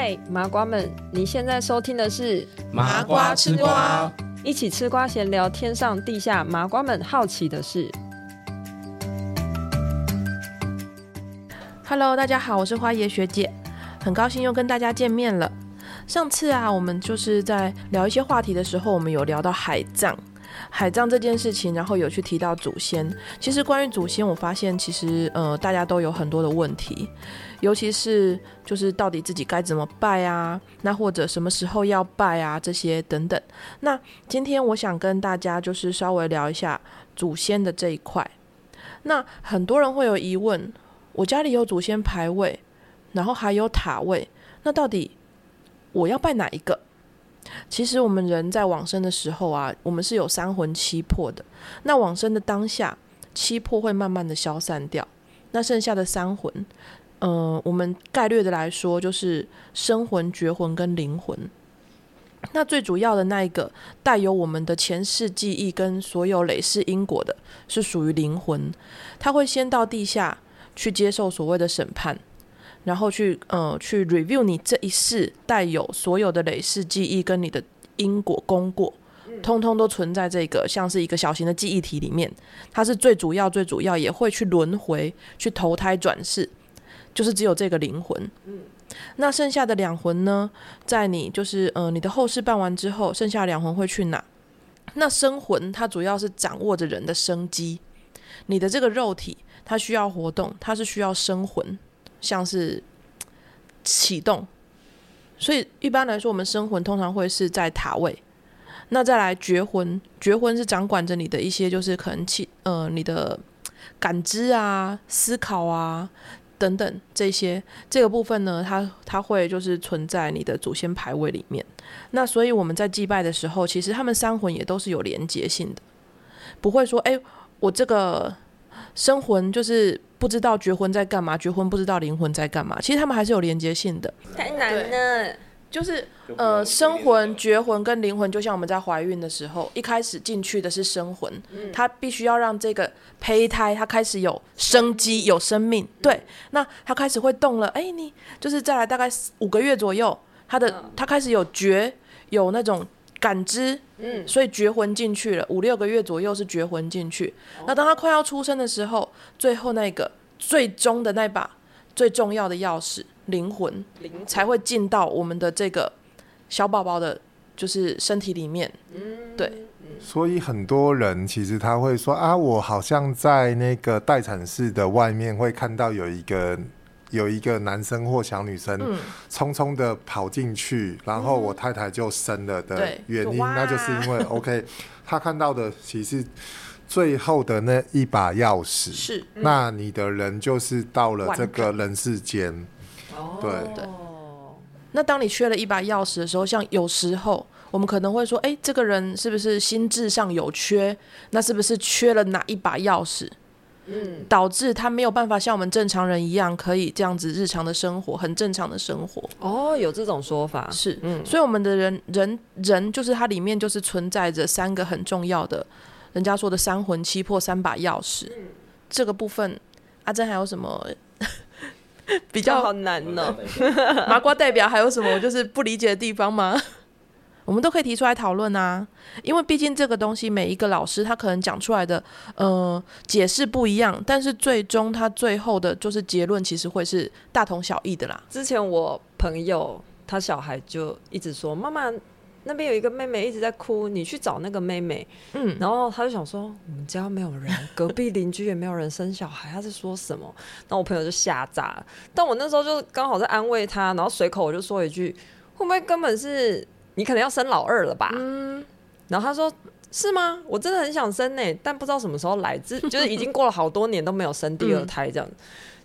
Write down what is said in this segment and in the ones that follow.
Hi, 麻瓜們，你現在收聽的是《麻瓜吃瓜》，一起吃瓜閒聊天上地下麻瓜們好奇的事。Hello，大家好，我是花椰學姐，很高興又跟大家見面了。上次啊，我們就是在聊一些話題的時候，我們有聊到海葬。海葬這件事情，然後有去提到祖先。其實關於祖先，我發現其實呃，大家都有很多的問題，尤其是就是到底自己該怎麼拜啊，那或者什麼時候要拜啊，這些等等。那今天我想跟大家就是稍微聊一下祖先的這一塊。那很多人會有疑問：我家裡有祖先牌位，然後還有塔位，那到底我要拜哪一個？其實我們人在往生的時候啊，我們是有三魂七魄的。那往生的當下，七魄會慢慢的消散掉。那剩下的三魂，呃，我們概略的來說，就是生魂、覺魂跟靈魂。那最主要的那一個，帶有我們的前世記憶跟所有累世因果的，是屬於靈魂。它會先到地下去接受所謂的審判。然後去呃，去 review 你這一世帶有所有的累世記憶跟你的因果功過，通通都存在這個像是一個小型的記憶體裡面，它是最主要最主要也會去輪迴去投胎轉世，就是只有這個靈魂。那剩下的兩魂呢，在你就是呃，你的後事辦完之後，剩下兩魂會去哪？那生魂它主要是掌握着人的生機，你的這個肉體它需要活動，它是需要生魂。像是啟動，所以一般來說，我們生魂通常會是在塔位。那再來絕魂，絕魂是掌管着你的一些，就是可能氣，呃，你的感知啊、思考啊等等這些。這個部分呢，它它會就是存在你的祖先牌位裡面。那所以我們在祭拜的時候，其實他們三魂也都是有連結性的，不會說，欸，我這個。生魂就是不知道覺魂在幹嘛，覺魂不知道靈魂在幹嘛。其實他們還是有連接性的。太難了，就是呃就，生魂、覺魂跟靈魂，就像我們在懷孕的時候，一開始進去的是生魂，嗯、它必須要讓這個胚胎它開始有生機、嗯、有生命。對，那它開始會動了。哎、欸，你就是再來大概五個月左右，它的它開始有覺有那種。感知，嗯，所以覺魂進去了，五六個月左右是覺魂進去。那當他快要出生的時候，最後那個最終的那把最重要的鑰匙靈魂，才會進到我們的這個小寶寶的，就是身體裡面。對。所以很多人其實他會說啊，我好像在那個待產室的外面會看到有一個。有一個男生或小女生，匆匆的跑進去、嗯，然後我太太就生了的原因，嗯、那就是因為 OK，他看到的其實最後的那一把鑰匙，是，那你的人就是到了這個人世間，對對、哦，那當你缺了一把鑰匙的時候，像有時候我們可能會說，誒，這個人是不是心智上有缺？那是不是缺了哪一把鑰匙？導致他沒有辦法像我們正常人一樣，可以這樣子日常的生活，很正常的生活。哦，有這種說法是，嗯，所以我們的人人人，人就是它裡面就是存在着三個很重要的，人家說的三魂七魄三把鑰匙，嗯。這個部分，阿甄還有什麼比較、比較好難呢？哦？麻瓜代表還有什麼？我就是不理解的地方嗎？我們都可以提出來討論啊，因為畢竟這個東西，每一個老師他可能講出來的，呃，解釋不一樣，但是最終他最後的，就是結論其實會是大同小異的啦。之前我朋友他小孩就一直說，媽媽那邊有一個妹妹一直在哭，你去找那個妹妹。嗯，然後他就想說，我們家沒有人，隔壁鄰居也沒有人生小孩， 他在說什麼？然後我朋友就嚇炸了。但我那時候就剛好在安慰他，然後隨口我就說一句，會不會根本是？你可能要生老二了吧？嗯，然後他說是嗎？我真的很想生呢、欸，但不知道什麼時候來，就，就是已經過了好多年都沒有生第二胎這樣、嗯。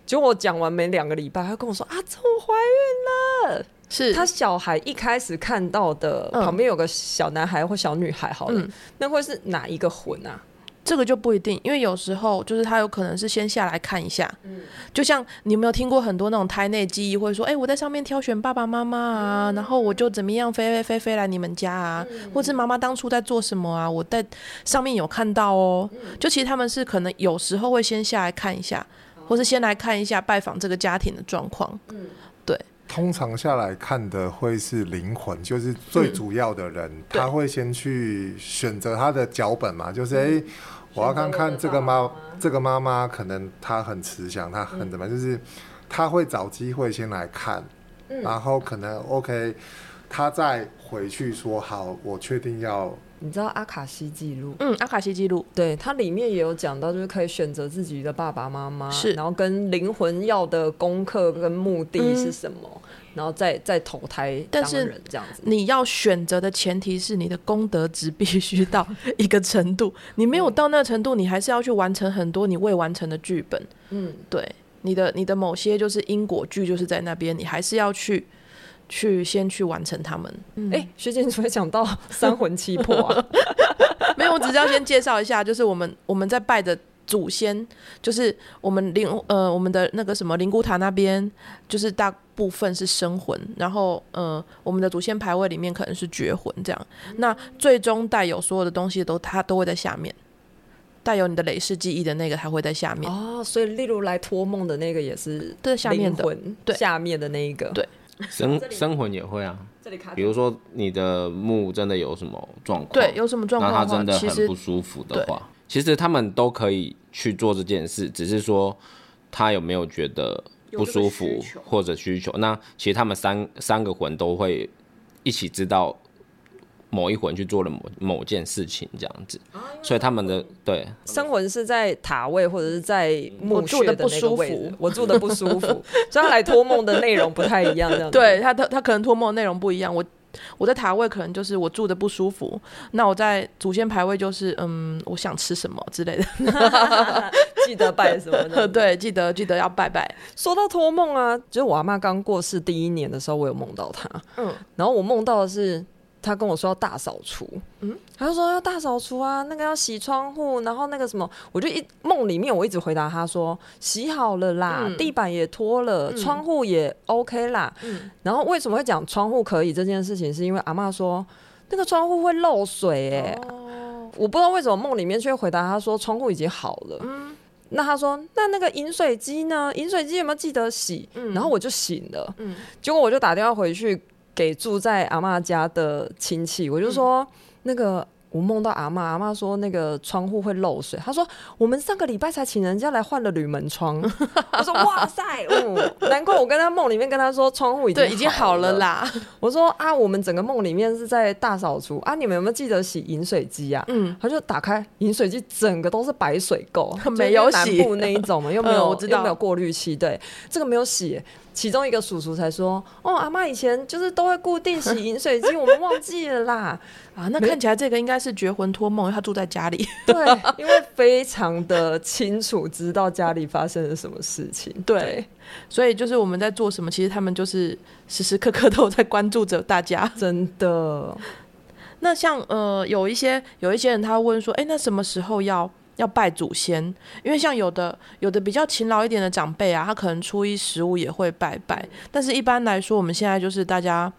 就我講完沒兩個禮拜，他跟我說啊，這我懷孕了。是他小孩一開始看到的、嗯、旁邊有個小男孩或小女孩，好了、嗯，那會是哪一個魂啊？這個就不一定，因為有時候就是他有可能是先下來看一下，嗯、就像你有沒有聽過很多那種胎內記憶，或者說，哎、欸，我在上面挑選爸爸媽媽啊、嗯，然後我就怎麼樣飛飛飛飛來你們家啊、嗯，或是媽媽當初在做什麼啊，我在上面有看到哦、嗯。就其實他們是可能有時候會先下來看一下，或是先來看一下拜訪這個家庭的狀況，嗯。通常下來看的會是靈魂，就是最主要的人，嗯、他會先去選擇他的腳本嘛，嗯、就是誒、欸，我要看看這個媽，這個媽媽可能她很慈祥，她很怎麼、嗯，就是他會找機會先來看、嗯，然後可能 OK、嗯。嗯他再回去說：“好，我確定要。”你知道阿卡西記錄？嗯，阿卡西記錄，對，它裡面也有講到，就是可以選擇自己的爸爸媽媽，是，然後跟靈魂要的功課跟目的是什麼，嗯、然後再再投胎，但是這樣子，你要選擇的前提是你的功德值必須到一個程度，你沒有到那個程度，你還是要去完成很多你未完成的劇本。嗯，對，你的你的某些就是因果劇就是在那邊，你還是要去。去先去完成他們。哎、嗯欸，學姐你怎麼想到三魂七魄啊？ 沒有，我只是要先介紹一下，就是我們我們在拜的祖先，就是我們靈呃我們的那個什麼靈骨塔那邊，就是大部分是生魂，然後呃我們的祖先牌位裡面可能是覺魂這樣。嗯、那最終帶有所有的東西都它都會在下面，帶有你的累世記憶的那個，它會在下面。哦，所以例如來托夢的那個也是在下面的對，下面的那一個對。生生魂也會啊，比如說你的墓真的有什麼狀況，對，有什麼狀況，那他真的很不舒服的話，其實他們都可以去做這件事，只是說他有沒有覺得不舒服或者需求，那其實他們三三個魂都會一起知道。某一魂去做了某某件事情，這樣子、嗯，所以他們的對，生魂是在塔位或者是在墓穴的那位，嗯、我住的不舒服，我住的不舒服， 所以他來托夢的內容不太一樣。這樣子，對，他他他可能托夢的內容不一樣。我我在塔位可能就是我住的不舒服，那我在祖先牌位就是嗯，我想吃什麼之類的， 記得拜什麼的。 對，記得記得要拜拜。說到托夢啊，就是我阿媽剛過世第一年的時候，我有夢到他，嗯，然後我夢到的是。他跟我說要大掃除，嗯，他就說要大掃除啊，那個要洗窗戶，然後那個什麼，我就一夢裡面我一直回答他說洗好了啦、嗯，地板也拖了，嗯、窗戶也 OK 啦、嗯。然後為什麼會講窗戶可以這件事情，是因為阿媽說那個窗戶會漏水耶、欸哦。我不知道為什麼夢裡面卻回答他說窗戶已經好了。嗯，那他說那那個飲水機呢？飲水機有沒有記得洗、嗯？然後我就醒了。嗯，結果我就打電話回去。給住在阿嬤家的親戚，我就說那個。我夢到阿媽，阿媽說那個窗戶會漏水。她說我們上個禮拜才請人家來換了鋁門窗。 我說哇塞，嗯，難怪我跟他夢裡面跟她說窗戶已經已經好了啦。我說啊，我們整個夢裡面是在大掃除啊，你們有沒有記得洗飲水機啊？嗯，他就打開飲水機，整個都是白水垢，沒有洗布那一種嘛、嗯，又沒有，嗯、我知道沒有過濾器，對，這個沒有洗。其中一個叔叔才說哦，阿媽以前就是都會固定洗飲水機， 我們忘記了啦。啊，那看起來這個應該是是覺魂託夢，他住在家裡，對， 因為非常的清楚知道家裡發生了什麼事情 對，對，所以就是我們在做什麼，其實他們就是時時刻刻都在關注着大家，真的。那像呃，有一些有一些人他會問說，哎、欸，那什麼時候要要拜祖先？因為像有的有的比較勤勞一點的長輩啊，他可能初一十五也會拜拜，但是一般來說，我們現在就是大家。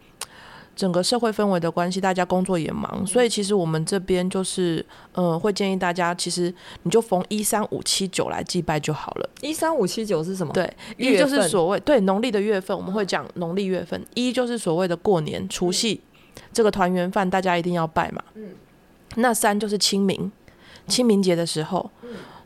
整個社會氛圍的關係，大家工作也忙，所以其實我們這邊就是，呃，會建議大家，其實你就逢一三五七九來祭拜就好了。一三五七九是什麼？對，一就是所謂對農曆的月份，我們會講農曆月份。一就是所謂的過年除夕這個團圓飯，大家一定要拜嘛。那三就是清明，清明節的時候。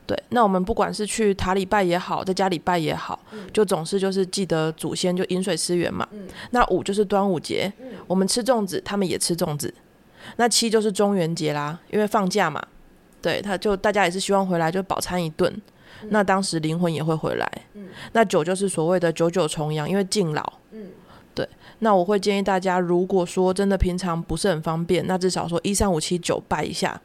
對，那我們不管是去塔裡拜也好，在家裡拜也好，嗯、就總是就是記得祖先就飲水思源嘛、嗯。那五就是端午節、嗯，我們吃粽子，他們也吃粽子。那七就是中元節啦，因為放假嘛，對，他就大家也是希望回來就飽餐一頓、嗯，那當時靈魂也會回來。嗯、那九就是所謂的九九重陽，因為敬老。嗯，對。那我會建議大家，如果說真的平常不是很方便，那至少說一三五七九拜一下。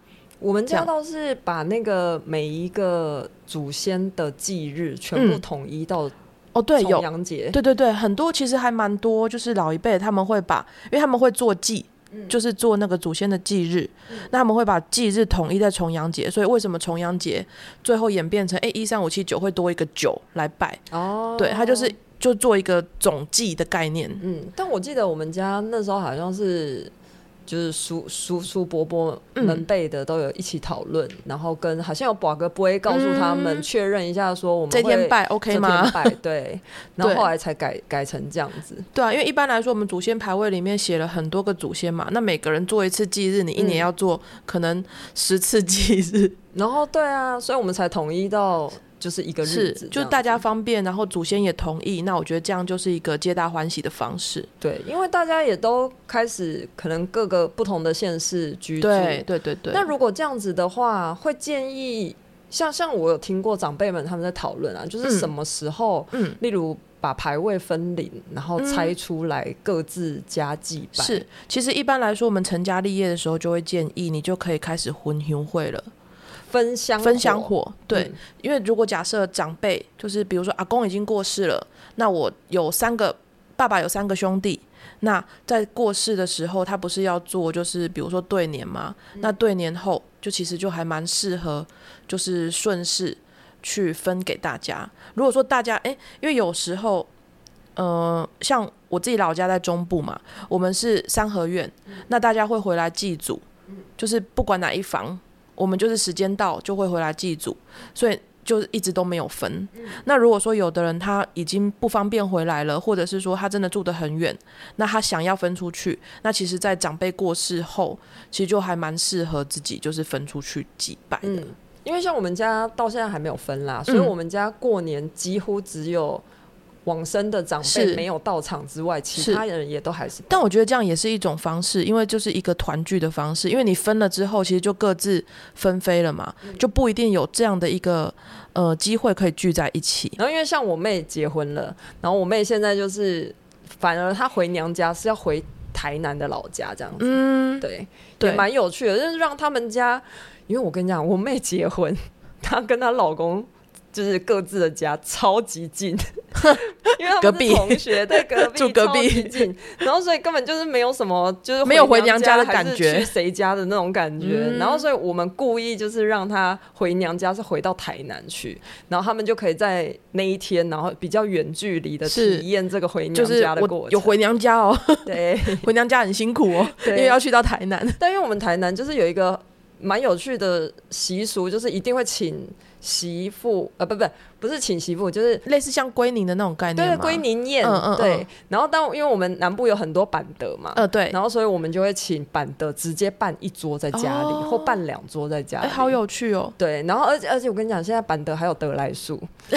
我們家倒是把那個每一個祖先的忌日全部統一到、嗯、哦，對，有重陽節，對對對，很多其實還蠻多，就是老一輩他們會把，因為他們會做忌、嗯，就是做那個祖先的忌日，嗯、那他們會把忌日統一在重陽節，所以為什麼重陽節最後演變成哎一三五七九會多一個九來拜哦，對，他就是就做一個總祭的概念，嗯，但我記得我們家那時候好像是。就是叔叔叔伯伯能背的都有一起討論、嗯，然後跟好像有寶哥不會告訴他們、嗯、確認一下說我們這天拜 OK 嗎？對， 然後後來才改改成這樣子。對啊，因為一般來說我們祖先牌位裡面寫了很多個祖先嘛，那每個人做一次祭日，你一年要做可能十次祭日，嗯、然後對啊，所以我們才統一到。就是一個日子這樣子。是，就大家方便，然後祖先也同意，那我覺得這樣就是一個皆大歡喜的方式。對，因為大家也都開始可能各個不同的縣市居住，對對對對。那如果這樣子的話，會建議像像我有聽過長輩們他們在討論啊，就是什麼時候，嗯，嗯，例如把牌位分靈，然後拆出來各自家祭，嗯。是，其實一般來說，我們成家立業的時候，就會建議你就可以開始婚休會了。分香火，分香火，嗯，對，因為如果假設長輩就是比如說阿公已經過世了，那我有三個爸爸有三個兄弟，那在過世的時候，他不是要做就是比如說對年嘛，那對年後就其實就還蠻適合，就是順勢去分給大家。如果說大家誒、欸，因為有時候嗯、呃，像我自己老家在中部嘛，我們是三合院，嗯、那大家會回來祭祖，就是不管哪一房，我們就是時間到就會回來祭祖，所以就是一直都沒有分。那如果說有的人他已經不方便回來了，或者是說他真的住得很遠，那他想要分出去，那其實，在長輩過世後，其實就還蠻適合自己，就是分出去祭拜的，嗯。因為像我們家到現在還沒有分啦，嗯，所以我們家過年幾乎只有。往生的長輩沒有到場之外，其他人也都還是，是。但我覺得這樣也是一種方式，因為就是一個團聚的方式。因為你分了之後，其實就各自分飛了嘛，嗯，就不一定有這樣的一個呃機會可以聚在一起。然後，因為像我妹結婚了，然後我妹現在就是反而她回娘家是要回台南的老家這樣子。嗯，對對，蠻有趣的，就是讓他們家，因為我跟你講，我妹結婚，她跟她老公。就是各自的家超級近， 因為他們隔壁同學在隔壁住隔壁，然後所以根本就是沒有什麼，就是沒有回娘家的感覺，誰家的那種感覺、嗯。然後所以我們故意就是讓他回娘家是回到台南去，然後他們就可以在那一天，然後比較遠距離的體驗這個回娘家的過程。就是、有回娘家哦，對，回娘家很辛苦哦，因為要去到台南。但因為我們台南就是有一個蠻有趣的習俗，就是一定會請。媳婦，呃，不不，不是請媳婦，就是類似像歸寧的那種概念，對，歸寧宴嗯嗯嗯，對。然後當，因為我們南部有很多板德嘛，嗯、對，然後所以我們就會請板德直接辦一桌在家裡，哦、或辦兩桌在家裡、欸。好有趣哦。對，然後而且而且我跟你講，現在板德還有得來速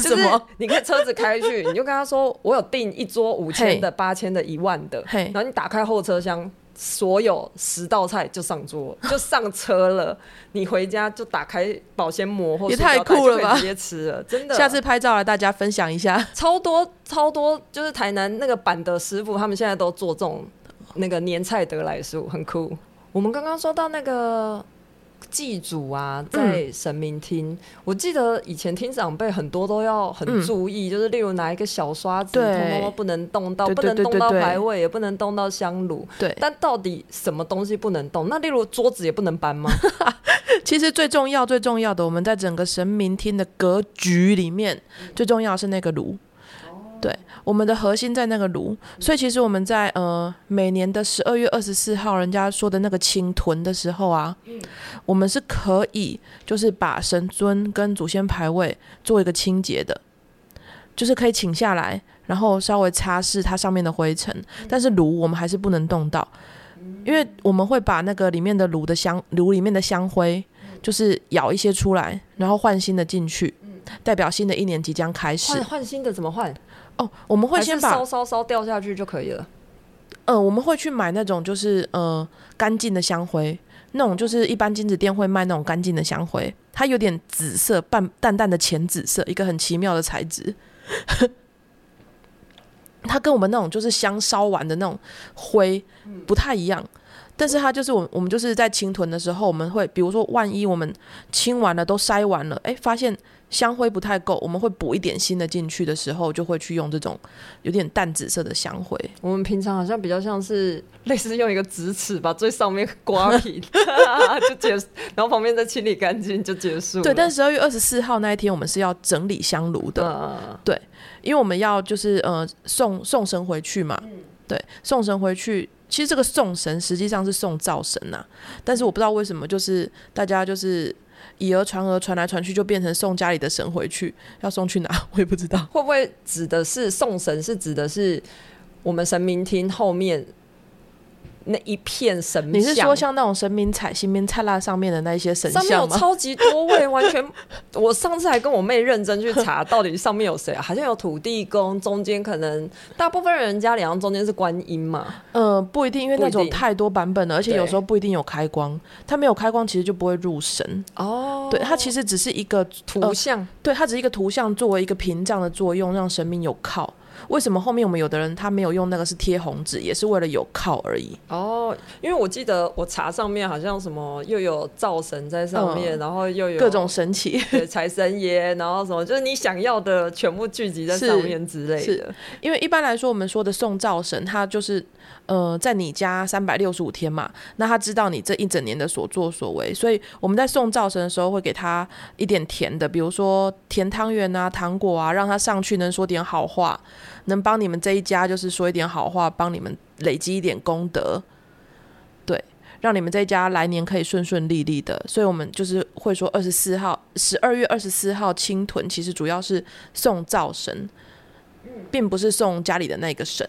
什麼？就是、你看車子開去，你就跟他說，我有訂一桌五千的、八千的、一萬的，然後你打開後車廂。所有十道菜就上桌，就上車了。 你回家就打開保鮮膜或塑膠袋就可以直接吃了。也太酷了吧！真的，下次拍照來大家分享一下超，超多超多，就是台南那個版的師傅，他們現在都做這種那個年菜得來速，很酷。 我們剛剛說到那個。祭祖啊，在神明廳、嗯，我記得以前聽長輩很多都要很注意、嗯，就是例如拿一個小刷子，嗯、通通都對，對，對，對，對，對，不能動到，不能動到牌位，也不能動到香爐，但到底什麼東西不能動？那例如桌子也不能搬嗎？ 其實最重要、最重要的，我們在整個神明廳的格局裡面，最重要的是那個爐。對，我們的核心在那個爐、嗯，所以其實我們在呃每年的十二月二十四號，人家說的那個清囤的時候啊、嗯，我們是可以就是把神尊跟祖先牌位做一個清潔的，就是可以請下來，然後稍微擦拭它上面的灰塵、嗯，但是爐我們還是不能動到，因為我們會把那個裡面的爐的香爐裡面的香灰就是舀一些出來，然後換新的進去、嗯，代表新的一年即將開始。換換新的怎麼換？哦，我們會先把燒燒燒掉下去就可以了。嗯、呃，我們會去買那種就是呃乾淨的香灰，那種就是一般金紙店會賣那種乾淨的香灰，它有點紫色，半淡淡的淺紫色，一個很奇妙的材質。 它跟我們那種就是香燒完的那種灰不太一樣。嗯但是它就是我，我們就是在清囤的時候，我們會比如說，萬一我們清完了都篩完了，哎、欸，發現香灰不太夠，我們會補一點新的進去的時候，就會去用這種有點淡紫色的香灰。我們平常好像比較像是類似用一個直尺把最上面刮平 就結，然後旁邊再清理乾淨就結束。對，但是十二月二十四號那一天，我們是要整理香爐的，uh... 對，因為我們要就是呃送送神回去嘛，對，送神回去。其實這個送神實際上是送灶神吶啊，但是我不知道為什麼，就是大家就是以訛傳訛，傳來傳去就變成送家裡的神回去，要送去哪？我也不知道，會不會指的是送神，是指的是我們神明廳後面。那一片神明，你是說像那種神明彩、神明燦爛上面的那些神像嗎？上面有超級多位， 完全。我上次還跟我妹認真去查，到底上面有誰、啊？好像有土地公，中間可能大部分人家裡，中間是觀音嘛。嗯、呃，不一定，因為那種太多版本了，而且有時候不一定有開光。它沒有開光，其實就不會入神。哦、oh，對，它其實只是一個圖像、呃，對，它只是一個圖像，作為一個屏障的作用，讓神明有靠。為什麼後面我們有的人他沒有用那個，是貼紅紙，也是為了有靠而已。哦，因為我記得我查上面好像什麼又有灶神在上面，嗯、然後又有各種神奇財神爺，然後什麼就是你想要的全部聚集在上面之類的。因為一般來說我們說的送灶神，他就是。呃，在你家三百六十五天嘛，那他知道你這一整年的所作所為，所以我們在送灶神的時候會給他一點甜的，比如說甜湯圓啊、糖果啊，讓他上去能說點好話，能幫你們這一家就是說一點好話，幫你們累積一點功德，對，讓你們這一家來年可以順順利利的。所以我們就是會說二十四號，十二月二十四號清屯，其實主要是送灶神。並不是送家裡的那個神，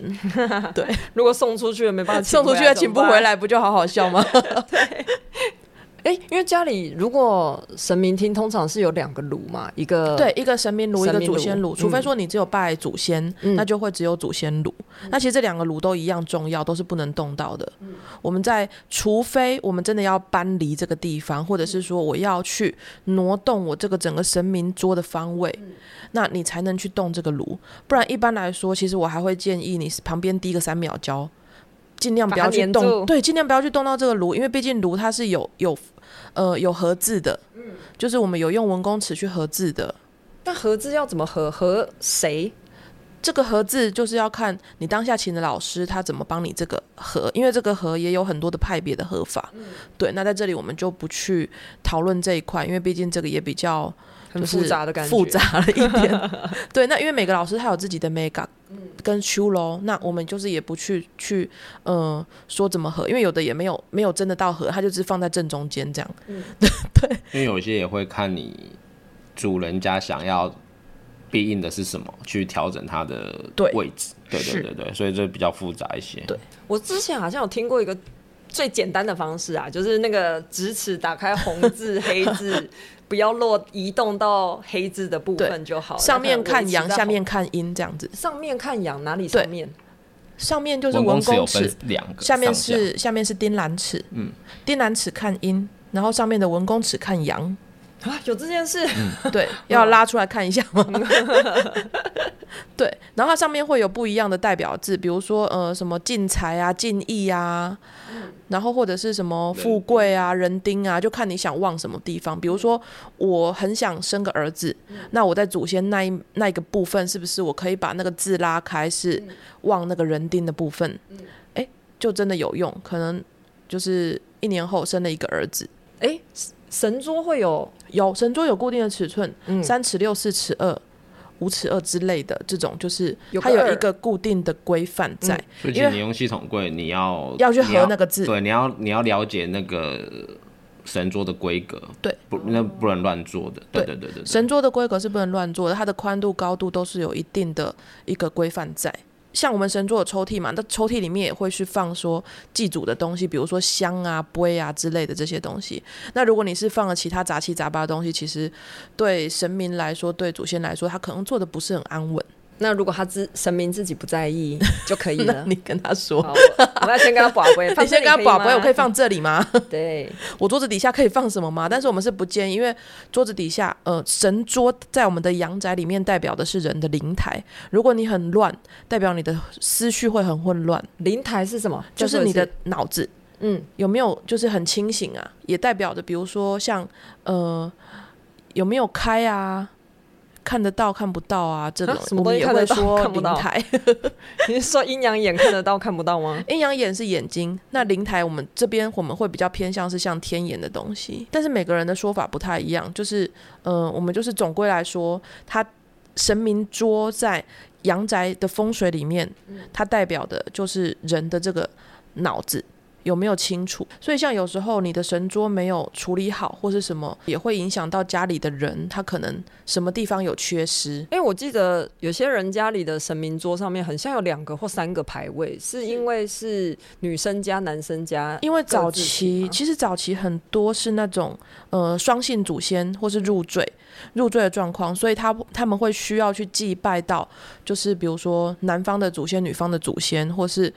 對。 如果送出去了，沒辦法送出去了，請不回來，不就好好笑嗎？對 。欸、因為家裡如果神明廳通常是有兩個爐嘛，一個對，一個神明爐，一個祖先爐、嗯。除非說你只有拜祖先，嗯、那就會只有祖先爐、嗯。那其實這兩個爐都一樣重要，都是不能動到的。嗯、我們在除非我們真的要搬離這個地方，或者是說我要去挪動我這個整個神明桌的方位，嗯、那你才能去動這個爐。不然一般來說，其實我還會建議你旁邊滴個三秒膠，儘量不要去動。把他黏住。對，儘量不要去動到這個爐，因為畢竟爐它是有有。呃，有合字的，嗯，就是我們有用文公尺去合字的。那合字要怎麼合？合誰？這個合字就是要看你當下請的老師他怎麼幫你這個合，因為這個合也有很多的派別的合法，嗯。對。那在這裡我們就不去討論這一塊，因為畢竟這個也比較很複雜的感覺， 複雜了一點。對，那因為每個老師他有自己的 make up。跟修羅，那我們就是也不去去，嗯、呃，說怎麼合，因為有的也沒有沒有真的到合，它就只是放在正中間這樣。嗯， 對，因為有些也會看你主人家想要避應的是什麼，去調整它的位置對。對對對對，所以這比較複雜一些。對，我之前好像有聽過一個最簡單的方式啊，就是那個直尺打開紅字黑字。 不要落移動到黑字的部分就好了。上面看陽，下面看陰，這樣子。上面看陽，哪裡上面？上面就是文公尺，文公尺有分兩個上下。下面是下面是丁蘭尺，嗯，丁蘭尺看陰，然後上面的文公尺看陽。啊，有這件事，嗯，對，要拉出來看一下嗎？嗯、 對，然後它上面會有不一樣的代表字，比如說呃，什麼進財啊、進義啊、嗯，然後或者是什麼富貴啊、嗯、人丁啊，就看你想旺什麼地方。比如說，我很想生個兒子，嗯、那我在祖先那一那個部分，是不是我可以把那個字拉開，是旺那個人丁的部分？哎、嗯欸，就真的有用，可能就是一年後生了一個兒子，哎、欸。神桌會有有神桌有固定的尺寸，三尺六、四尺二、五尺二之類的、嗯、這種，就是它有一個固定的規範在。因為你用系統櫃，你要你要，要去合那個字，對，你要你要了解那個神桌的規格，對，不，那不能亂做的。對對對對，對，對，神桌的規格是不能亂做的，它的寬度、高度都是有一定的一個規範在。像我們神座的抽屜嘛，那抽屜裡面也會去放說祭祖的東西，比如說香啊、杯啊之類的這些東西。那如果你是放了其他雜七雜八的東西，其實對神明來說，對祖先來說，他可能坐的不是很安穩。那如果他自神明自己不在意 就可以了， 那你跟他說，好，我要先跟他博杯， 你先跟他博杯， 我可以放這裡嗎？ 對，我桌子底下可以放什麼嗎？但是我們是不建議，因為桌子底下，呃，神桌在我們的陽宅裡面代表的是人的靈台。如果你很亂，代表你的思緒會很混亂。靈台是什麼？就是你的腦子、就是是，嗯，有沒有就是很清醒啊？也代表著，比如說像呃，有沒有開啊？看得到看不到啊？這種、個、我們也會說靈台。看得到看不到 你是說陰陽眼看得到， 看得到看不到嗎？陰陽眼是眼睛，那靈台我們這邊我們會比較偏向是像天眼的東西。但是每個人的說法不太一樣，就是嗯、呃，我們就是總歸來說，它神明桌在陽宅的風水裡面，它代表的就是人的這個腦子。有沒有清楚？所以像有時候你的神桌沒有處理好或是什麼，也會影響到家裡的人，他可能什麼地方有缺失。哎、欸，我記得有些人家裡的神明桌上面很像有兩個或三個牌位，是因為是女生家、男生家。因為早期其實早期很多是那種呃雙姓祖先或是入贅入贅的狀況，所以他他們會需要去祭拜到，就是比如說男方的祖先、女方的祖先，或是。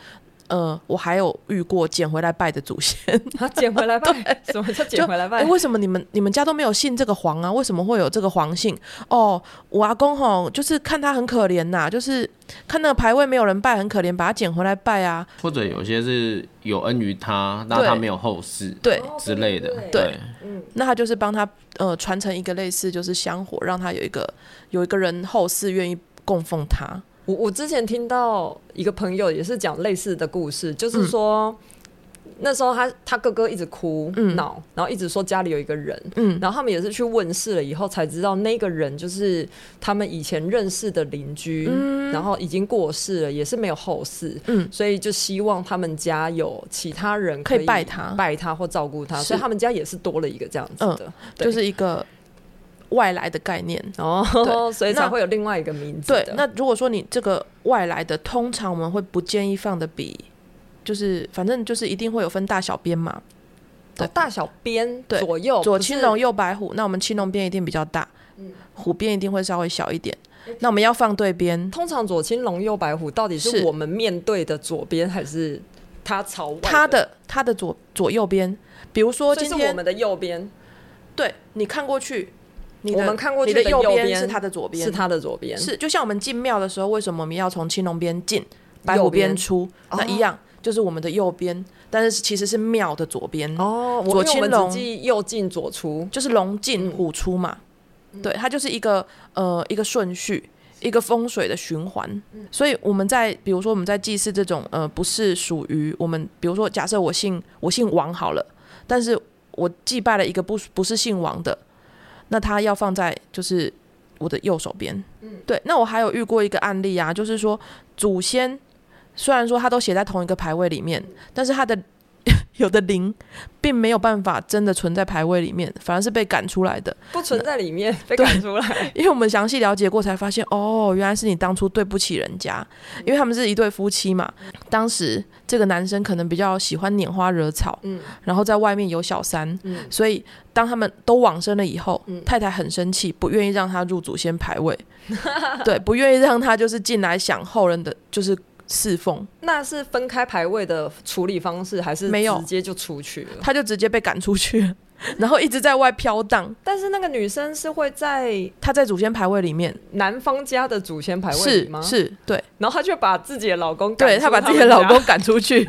嗯、呃，我還有遇過撿回來拜的祖先，撿、啊、回來拜， 什麼叫撿回來拜、呃？為什麼你們你們家都沒有姓這個黃啊？為什麼會有這個黃姓？哦，我阿公吼、哦，就是看他很可憐吶、啊，就是看那個牌位沒有人拜，很可憐，把他撿回來拜啊。或者有些是有恩於他，那、嗯、他沒有後世，對之類的對對對，對，那他就是幫他呃傳承一個類似就是香火，讓他有一個有一個人後世願意供奉他。我我之前聽到一個朋友也是講類似的故事，就是說那時候他他哥哥一直哭鬧，然後一直說家裡有一個人，然後他們也是去問事了以後才知道那個人就是他們以前認識的鄰居，然後已經過世了，也是沒有後事，嗯，所以就希望他們家有其他人可以拜他、拜他或照顧他，所以他們家也是多了一個這樣子的，就是一個。外來的概念哦，所以才會有另外一個名字。對，那如果說你這個外來的，通常我們會不建議放的比，就是反正就是一定會有分大小邊嘛。對，大小邊，對，左右，左青龍右白虎，那我們青龍邊一定比較大，嗯、虎邊一定會稍微小一點。嗯、那我們要放對邊，通常左青龍右白虎，到底是我們面對的左邊，還是它朝它的它的，的左左右邊？比如說今天我們的右邊，對，你看過去。我們看過去的右邊是他的左邊，是他的左邊，是，是就像我們進廟的時候，為什麼我們要從青龍邊進，白虎邊出？那一樣、哦、就是我們的右邊，但是其實是廟的左邊哦。左青龍我們只右進左出，就是龍進虎出嘛、嗯。對，它就是一個呃一個順序，一個風水的循環、嗯。所以我們在比如說我們在祭祀這種呃，不是屬於我們，比如說假設我姓我姓王好了，但是我祭拜了一個不不是姓王的，那他要放在就是我的右手邊，對。那我還有遇過一個案例啊，就是說祖先雖然說他都寫在同一個牌位裡面，但是他的。有的靈，並沒有辦法真的存在牌位裡面，反而是被趕出來的。不存在裡面，嗯、被趕出來，因為我們詳細了解過，才發現哦，原來是你當初對不起人家，因為他們是一對夫妻嘛。當時這個男生可能比較喜歡拈花惹草，嗯，然後在外面有小三，嗯，所以當他們都往生了以後，嗯、太太很生氣，不願意讓他入祖先牌位， 對，不願意讓他就是進來享後人的就是。侍奉那是分開牌位的處理方式，還是沒有直接就出去了？他就直接被趕出去，然後一直在外飄蕩。 但是那個女生是會在她在祖先牌位裡面，男方家的祖先牌位是嗎？是，是對，然後她卻把自己的老公趕出他的家，對，她把自己的老公趕出去，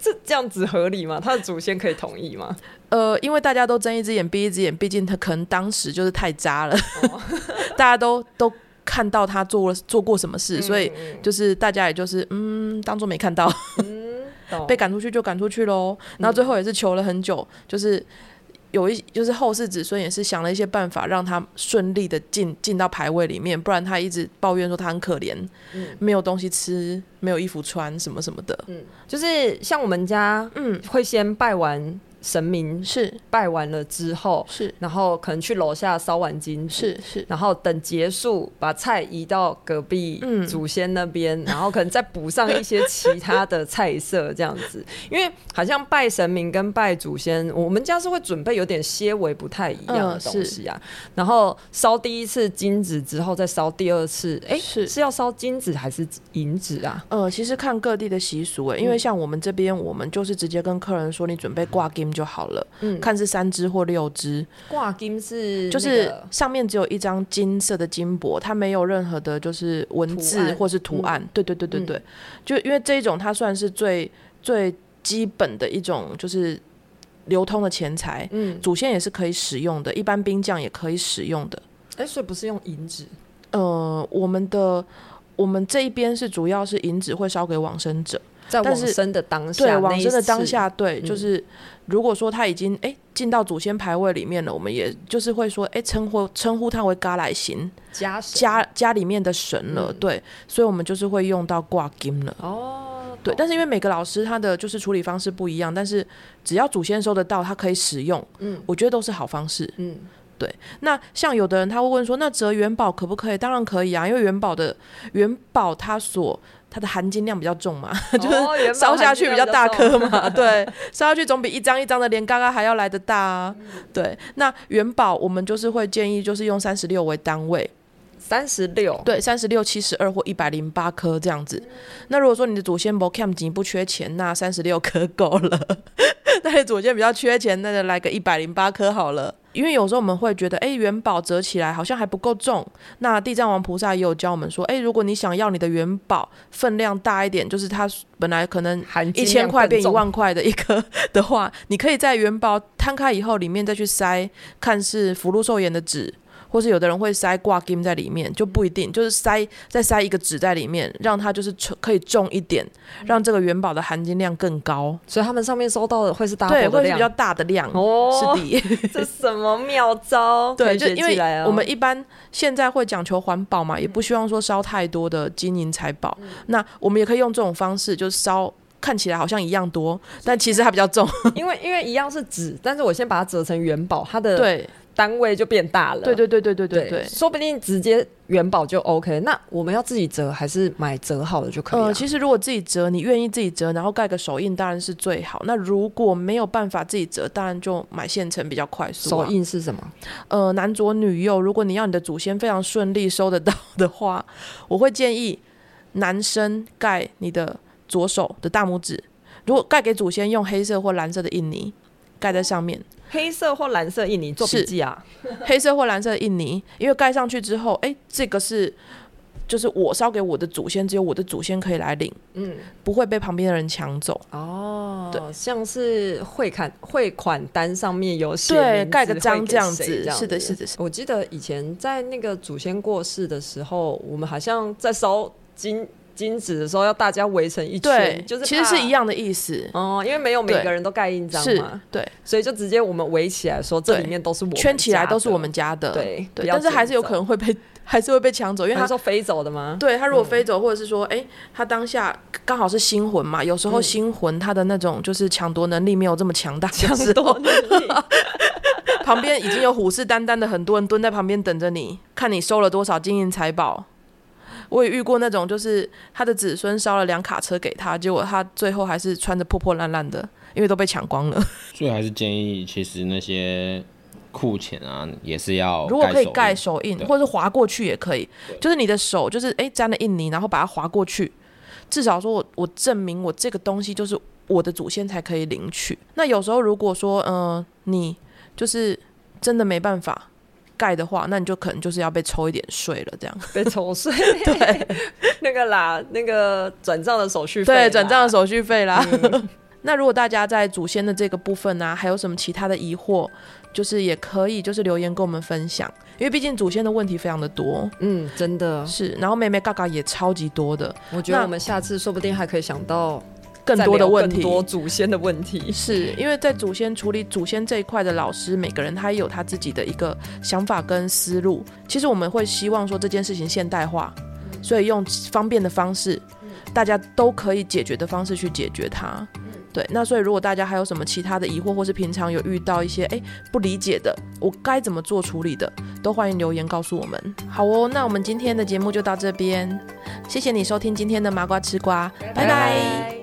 這 這樣子合理嗎？她的祖先可以同意嗎？呃，因為大家都睜一隻眼閉一隻眼，畢竟她可能當時就是太渣了， 大家都都。看到他做了做過什麼事、嗯，所以就是大家也就是嗯，當做沒看到，嗯、 被趕出去就趕出去嘍、嗯。然後最後也是求了很久，就是有一就是後世子孫也是想了一些辦法，讓他順利的進進到牌位裡面，不然他一直抱怨說他很可憐、嗯，沒有東西吃，沒有衣服穿，什麼什麼的。嗯、就是像我們家，嗯，會先拜完。神明是拜完了之後是，然後可能去樓下燒完金是是，然後等結束把菜移到隔壁祖先那邊、嗯，然後可能再補上一些其他的菜色這樣子， 因為好像拜神明跟拜祖先，我們家是會準備有點些微不太一樣的東西啊。嗯、然後燒第一次金子之後再燒第二次，哎、欸、是是要燒金子還是銀子啊？呃，其實看各地的習俗哎、欸，因為像我們這邊、嗯，我們就是直接跟客人說，你準備掛金就好了，嗯、看是三只或六只掛金是，那個，就是上面只有一張金色的金箔，它沒有任何的，就是文字或是圖案。嗯、對對對對對，嗯、就因為這一種它算是最最基本的一種，就是流通的錢財。嗯，祖先也是可以使用的，一般兵將也可以使用的。哎、欸，所以不是用銀紙？呃，我們的我們這一邊是主要是銀紙會燒給往生者。在往生的當下，對往生的當下，對、嗯，就是如果說他已經哎進、欸、到祖先牌位裡面了，我們也就是會說哎稱、欸、呼稱呼他為嘎來神家家家裡面的神了、嗯，對，所以我們就是會用到掛金了哦，對哦。但是因為每個老師他的就是處理方式不一樣，但是只要祖先收得到，他可以使用，嗯，我覺得都是好方式，嗯，對。那像有的人他會問說，那折元寶可不可以？當然可以啊，因為元寶的元寶他所。它的含金量比較重嘛，哦、 就是燒下去比較大顆嘛， 對，燒下去總比一張一張的連嘎嘎還要來得大，啊嗯，對。那元寶我們就是會建議就是用三十六為單位，三十六，對，三十六、七十二或一百零八顆這樣子，嗯。那如果說你的祖先寶 c a m 已經不缺錢，那三十六顆夠了； 那你祖先比較缺錢，那就來個一百零八顆好了。因為有時候我們會覺得，哎，元寶折起來好像還不夠重。那地藏王菩薩也有教我們說，哎，如果你想要你的元寶分量大一點，就是它本來可能一千塊變一萬塊的一個的話，你可以在元寶攤開以後，裡面再去塞，看是福祿壽延的紙。或是有的人會塞掛金在裡面，就不一定，就是塞，再塞一個紙在裡面，讓它就是重可以重一點，讓這個元寶的含金量更高，所以他們上面收到的會是大的量，會是比較大的量哦。是的， 這什麼妙招？對，可以學起來哦，就因為我們一般現在會講求環保嘛，也不希望說燒太多的金銀財寶。那我們也可以用這種方式，就是燒看起來好像一樣多，但其實它比較重，因為因為一樣是紙，但是我先把它折成元寶，它的對。單位就變大了，對對對對對對，對，對，對，說不定直接元寶就 OK。那我們要自己折還是買折好的就可以，啊呃？其實如果自己折，你願意自己折，然後蓋個手印當然是最好。那如果沒有辦法自己折，當然就買現成比較快速，啊。手印是什麼？呃，男左女右。如果你要你的祖先非常順利收得到的話，我會建議男生蓋你的左手的大拇指。如果蓋給祖先用黑色或藍色的印泥。蓋在上面，黑色或藍色印泥。做筆記啊，黑色或藍色印泥，因為蓋上去之後，哎、欸，這個是就是我燒給我的祖先，只有我的祖先可以來領，嗯，不會被旁邊的人搶走。哦，對，像是匯款匯款單上面有寫，蓋個章這樣子，是的，是的，是的。我記得以前在那個祖先過世的時候，我們好像在燒金。金子的時候，要大家圍成一圈，對就是其實是一樣的意思哦，因為沒有每個人都蓋印章嘛對，對，所以就直接我們圍起來說，這裡面都是我圈起來都是我們家的，對，對但是還是有可能會被，還是會被搶走，因為他說飛走的嗎？對他如果飛走，嗯、或者是說，哎、欸，他當下剛好是生魂嘛，有時候生魂他的那種就是搶奪能力沒有這麼強大，搶奪能力 旁邊已經有虎視眈眈的很多人蹲在旁邊等着你看你收了多少金銀財寶。我也遇過那種，就是他的子孫燒了兩卡車給他，結果他最後還是穿着破破爛爛的，因為都被搶光了。所以還是建議，其實那些庫錢啊，也是要如果可以蓋手印，或是劃過去也可以。就是你的手，就是誒、欸，沾了印泥，然後把它劃過去，至少說我我證明我這個東西就是我的祖先才可以領取。那有時候如果說，嗯、呃，你就是真的沒辦法，蓋的話，那你就可能就是要被抽一點稅了，這樣被抽稅， 對 那個啦，那個轉賬的手續費，對，轉賬的手續費啦。嗯、 那如果大家在祖先的這個部分呢、啊，還有什麼其他的疑惑，就是也可以就是留言跟我們分享，因為畢竟祖先的問題非常的多，嗯，真的是。然後眉眉角角也超級多的，我覺得我們那下次說不定還可以想到。嗯更多的問題，多祖先的問題 是，因為在祖先處理祖先這一塊的老師，每個人他也有他自己的一個想法跟思路。其實我們會希望說這件事情現代化，嗯、所以用方便的方式、嗯，大家都可以解決的方式去解決它。嗯。對，那所以如果大家還有什麼其他的疑惑，或是平常有遇到一些哎、欸、不理解的，我該怎麼做處理的，都歡迎留言告訴我們。好、哦，那我們今天的節目就到這邊，謝謝你收聽今天的麻瓜吃瓜，拜拜。拜拜。